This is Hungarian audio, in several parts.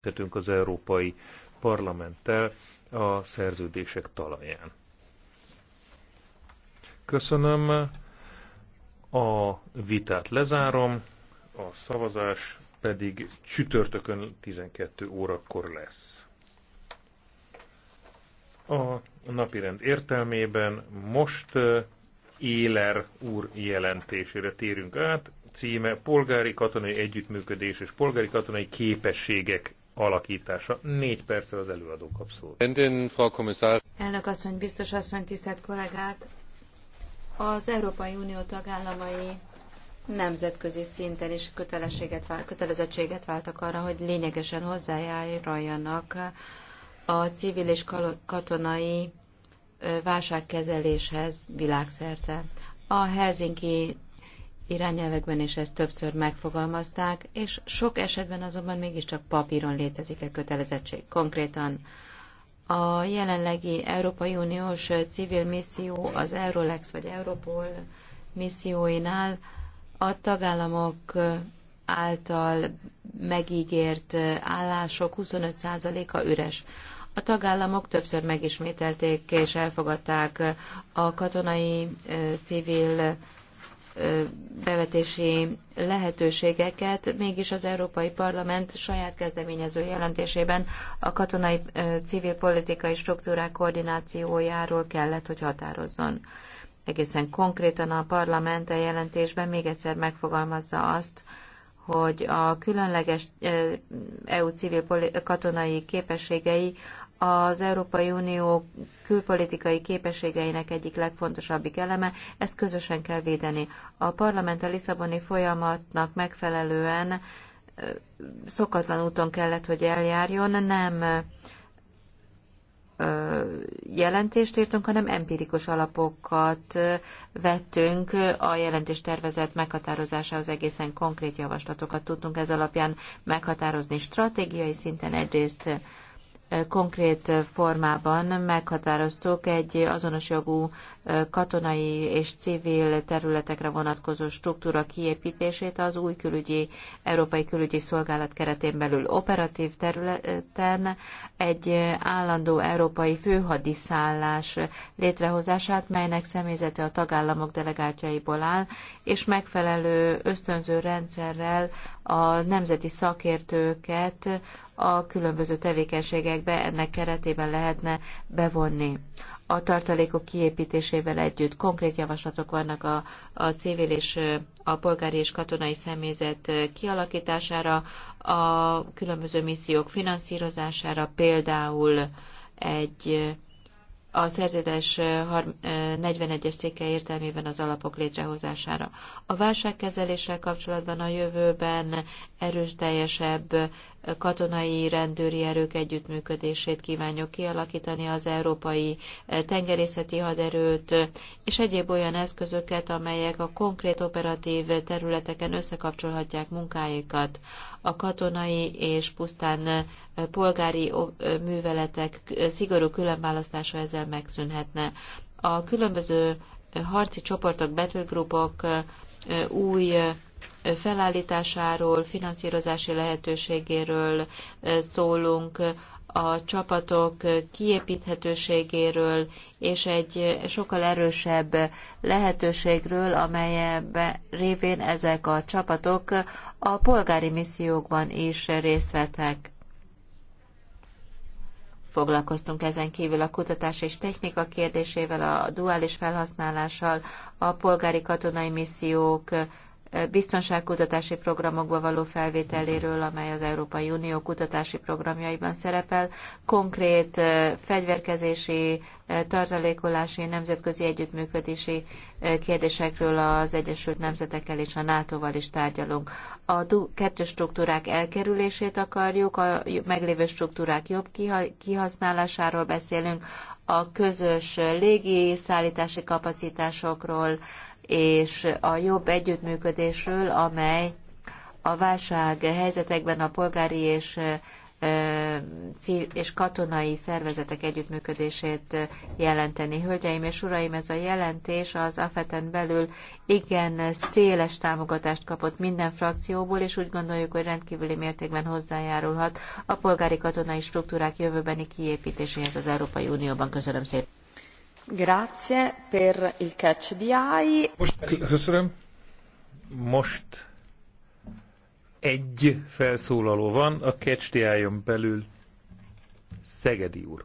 beszélgetünk az Európai Parlamenttel a szerződések talaján. Köszönöm. A vitát lezárom, a szavazás pedig csütörtökön 12 órakor lesz. A napirend értelmében most Éler úr jelentésére térünk át. Címe Polgári katonai együttműködés és polgári katonai képességek alakítása. Négy perccel az előadó kap szót. Elnök asszony, biztos asszony, tisztelt kollégák! Az Európai Unió tagállamai nemzetközi szinten is kötelességet, kötelezettséget váltak arra, hogy lényegesen hozzájáruljanak a civil és katonai válságkezeléshez világszerte. A Helsinki irányelvekben is ezt többször megfogalmazták, és sok esetben azonban mégiscsak papíron létezik a e kötelezettség. Konkrétan a jelenlegi Európai Uniós civil misszió az Eurolex vagy Europol misszióinál a tagállamok által megígért állások 25%-a üres. A tagállamok többször megismételték és elfogadták a katonai civil bevetési lehetőségeket, mégis az Európai Parlament saját kezdeményező jelentésében a katonai civil politikai struktúrák koordinációjáról kellett, hogy határozzon. Egészen konkrétan a parlament a jelentésben még egyszer megfogalmazza azt, hogy a különleges EU civil katonai képességei az Európai Unió külpolitikai képességeinek egyik legfontosabbik eleme, ezt közösen kell védeni. A parlament a Lisszaboni folyamatnak megfelelően szokatlan úton kellett, hogy eljárjon, nem jelentést írtunk, hanem empirikus alapokat vettünk a jelentés tervezet meghatározásához egészen konkrét javaslatokat tudtunk ez alapján meghatározni stratégiai szinten egyrészt konkrét formában meghatároztuk egy azonos jogú katonai és civil területekre vonatkozó struktúra kiépítését az új külügyi, Európai Külügyi Szolgálat keretén belül operatív területen egy állandó európai főhadiszállás létrehozását, melynek személyzete a tagállamok delegátjaiból áll, és megfelelő ösztönző rendszerrel a nemzeti szakértőket a különböző tevékenységekbe ennek keretében lehetne bevonni. A tartalékok kiépítésével együtt konkrét javaslatok vannak a, a civil és a polgári és katonai személyzet kialakítására, a különböző missziók finanszírozására, például egy a szerződés 41-es cikke értelmében az alapok létrehozására. A válságkezeléssel kapcsolatban a jövőben erős teljesebb katonai rendőri erők együttműködését kívánjuk kialakítani az európai tengerészeti haderőt és egyéb olyan eszközöket, amelyek a konkrét operatív területeken összekapcsolhatják munkáikat. A katonai és pusztán polgári műveletek szigorú különválasztása ezzel megszűnhetne. A különböző harci csoportok, battlegroupok új felállításáról, finanszírozási lehetőségéről szólunk, a csapatok kiépíthetőségéről és egy sokkal erősebb lehetőségről, amely révén ezek a csapatok a polgári missziókban is részt vettek. Foglalkoztunk ezen kívül a kutatás és technika kérdésével, a duális felhasználással, a polgári katonai missziók biztonságkutatási programokba való felvételéről, amely az Európai Unió kutatási programjaiban szerepel, konkrét fegyverkezési, tartalékolási, nemzetközi együttműködési kérdésekről az Egyesült Nemzetekkel és a NATO-val is tárgyalunk. A kettős struktúrák elkerülését akarjuk, a meglévő struktúrák jobb kihasználásáról beszélünk, a közös légi szállítási kapacitásokról, és a jobb együttműködésről, amely a válság helyzetekben a polgári és és katonai szervezetek együttműködését jelenteni. Hölgyeim és uraim, ez a jelentés az AFET-en belül igen széles támogatást kapott minden frakcióból, és úgy gondoljuk, hogy rendkívüli mértékben hozzájárulhat a polgári katonai struktúrák jövőbeni kiépítéséhez az Európai Unióban. Köszönöm szépen! Grazie per il catch di AI. Most köszönöm. Most egy felszólaló van a catch belül. Szegedi úr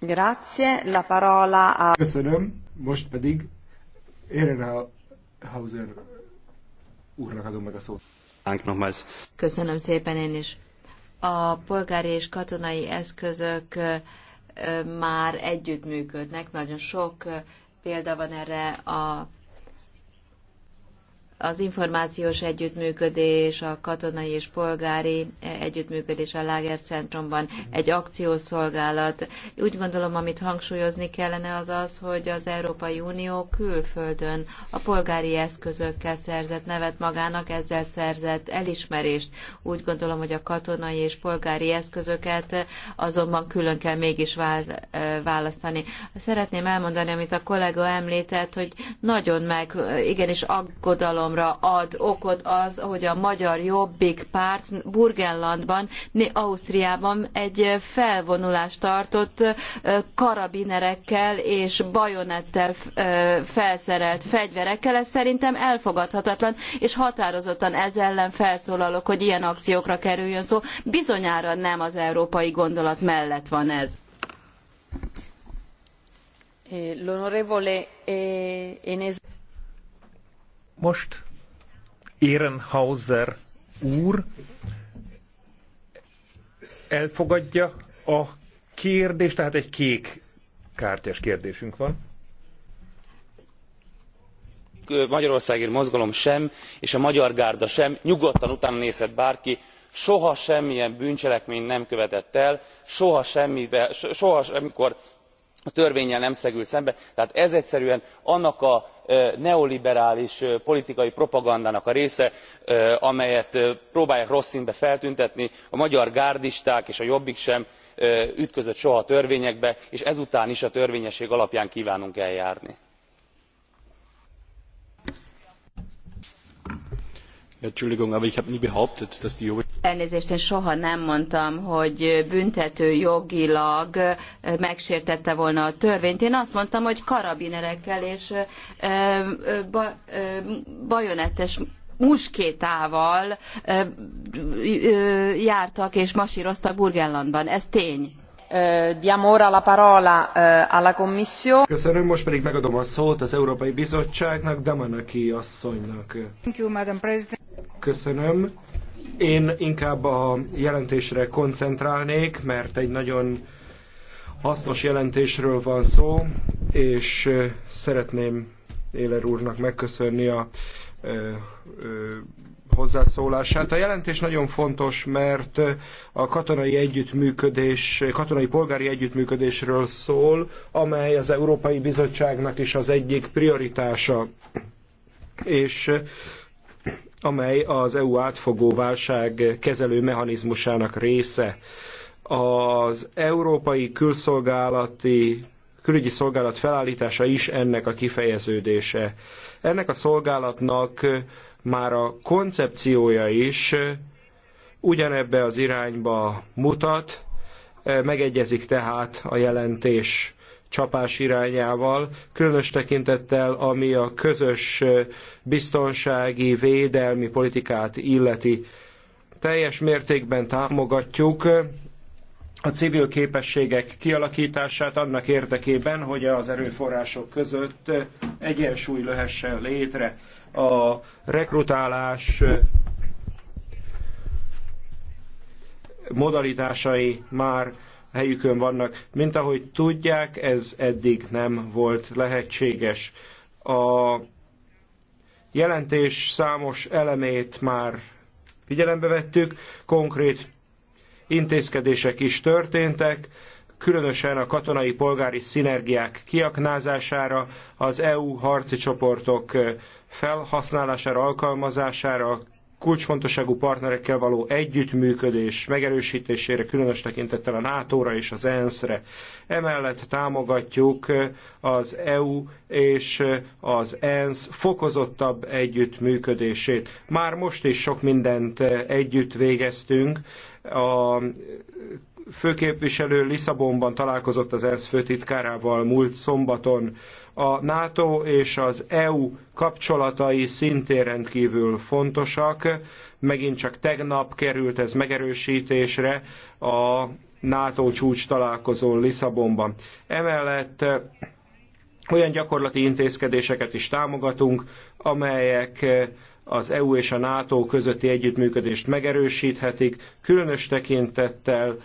Grazie, la parola a... Köszönöm, most pedig Ehrenhauser úrnak adom meg a szót. Köszönöm szépen én is. A polgári és katonai eszközök már együttműködnek, nagyon sok példa van erre a az információs együttműködés, a katonai és polgári együttműködés a lágercentrumban, egy akciószolgálat. Úgy gondolom, amit hangsúlyozni kellene az az, hogy az Európai Unió külföldön a polgári eszközökkel szerzett nevet magának, ezzel szerzett elismerést. Úgy gondolom, hogy a katonai és polgári eszközöket azonban külön kell mégis választani. Szeretném elmondani, amit a kollega említett, hogy nagyon meg, igenis aggodalom aggodalomra ad okot az, hogy a magyar jobbik párt Burgenlandban, Ausztriában egy felvonulást tartott karabinerekkel és bajonettel felszerelt fegyverekkel. Ez szerintem elfogadhatatlan, és határozottan ez ellen felszólalok, hogy ilyen akciókra kerüljön szó. Bizonyára nem az európai gondolat mellett van ez. Eh, l'onorevole eh, Enes most Ehrenhauser úr elfogadja a kérdést, tehát egy kék kártyás kérdésünk van. Magyarországért mozgalom sem, és a Magyar Gárda sem, nyugodtan utána nézhet bárki, soha semmilyen bűncselekményt nem követett el soha semmikor a törvénnyel nem szegült szembe tehát ez egyszerűen annak a neoliberális politikai propagandának a része amelyet próbálják rossz sznbe feltüntetni a magyar gárdisták és a jobbik sem ütközött soha törvényekbe és ezután is a törvényesség alapján kvánunk eljárni. Entschuldigung, aber ich habe nie behauptet, dass die Elnézést, én soha nem mondtam, hogy büntető jogilag megsértette volna a törvényt. Én azt mondtam, hogy karabinerekkel és bajonettes muskétával jártak és masíroztak Burgenlandban. Ez tény. Diamo ora la parola alla Commissione. Köszönöm, most pedig megadom a szót az Európai Bizottságnak, Damanaki asszonynak. Thank you, Madam President. Köszönöm. Én inkább a jelentésre koncentrálnék, mert egy nagyon hasznos jelentésről van szó, és szeretném Éler úrnak megköszönni a ö, ö, hozzászólását. A jelentés nagyon fontos, mert a katonai együttműködés, katonai polgári együttműködésről szól, amely az Európai Bizottságnak is az egyik prioritása. És amely az EU átfogó válság kezelő mechanizmusának része. Az Európai Külszolgálati külügyi szolgálat felállítása is ennek a kifejeződése. Ennek a szolgálatnak már a koncepciója is ugyanebbe az irányba mutat, megegyezik tehát a jelentés csapás irányával, különös tekintettel, ami a közös biztonsági, védelmi politikát illeti. Teljes mértékben támogatjuk a civil képességek kialakítását annak érdekében, hogy az erőforrások között egyensúly lehessen létre. A rekrutálás modalitásai már helyükön vannak. Mint ahogy tudják, ez eddig nem volt lehetséges. A jelentés számos elemét már figyelembe vettük, konkrét intézkedések is történtek, különösen a katonai polgári szinergiák kiaknázására, az EU harci csoportok felhasználására, alkalmazására, kulcsfontosságú partnerekkel való együttműködés megerősítésére, különös tekintettel a NATO-ra és az ENSZ-re. Emellett támogatjuk az EU és az ENSZ fokozottabb együttműködését. Már most is sok mindent együtt végeztünk a főképviselő Lisszabonban találkozott az ENSZ főtitkárával múlt szombaton. A NATO és az EU kapcsolatai szintén rendkívül fontosak. Megint csak tegnap került ez megerősítésre a NATO csúcs találkozón Lisszabonban. Emellett olyan gyakorlati intézkedéseket is támogatunk, amelyek az EU és a NATO közötti együttműködést megerősíthetik, különös tekintettel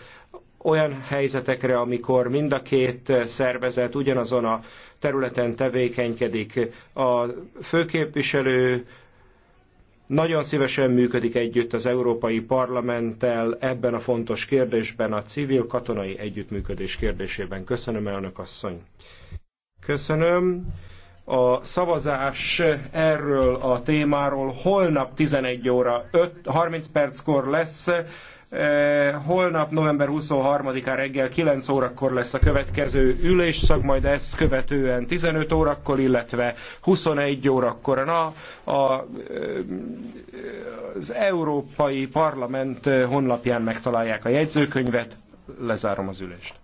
olyan helyzetekre, amikor mind a két szervezet ugyanazon a területen tevékenykedik. A főképviselő nagyon szívesen működik együtt az Európai Parlamenttel ebben a fontos kérdésben, a civil-katonai együttműködés kérdésében. Köszönöm, elnök asszony! Köszönöm a szavazás erről a témáról holnap 11 óra 5, 30 perckor lesz. E, holnap november 23-án reggel 9 órakor lesz a következő ülésszak, majd ezt követően 15 órakor, illetve 21 órakor Na, a, e, az Európai Parlament honlapján megtalálják a jegyzőkönyvet. Lezárom az ülést.